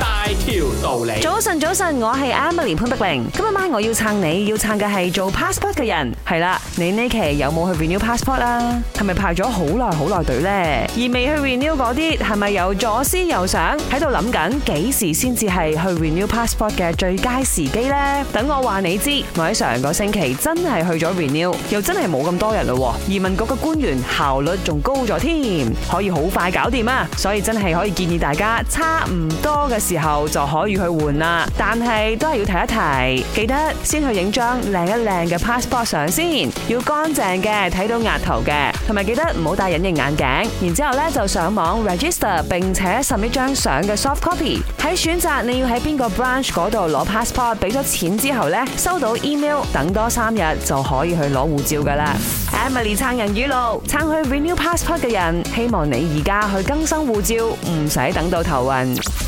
大條道理，早晨早晨，我係 Emily 潘德玲，今日晚我要撐你，要撐嘅係做 passport 嘅人，係啦，你呢期有冇去 renew passport 啦？係咪排咗好耐好耐隊呢？而未去 renew 嗰啲，係咪有左思右想喺度諗緊幾時先至係去 renew passport 嘅最佳時機呢？等我話你知，我喺上個星期真係去咗 renew，又真係冇咁多人咯，移民局嘅官員效率仲高咗添，可以好快搞掂啊，所以真係可以建議大家差唔多嘅，時候就可以去換啦，但係都係要提一提，記得先去影張靚一靚嘅 passport 相先，要乾淨嘅，睇到額頭嘅，同埋記得唔好戴隱形眼鏡。然之後咧就上網 register，並且拍一張相嘅 soft copy。喺選擇你要喺邊個 branch 嗰度攞 passport，俾咗錢之後咧收到 email，等多三日就可以去攞護照噶啦。Emily 撐人語錄，撐去 renew passport 嘅人，希望你而家去更新護照，唔使等到頭暈。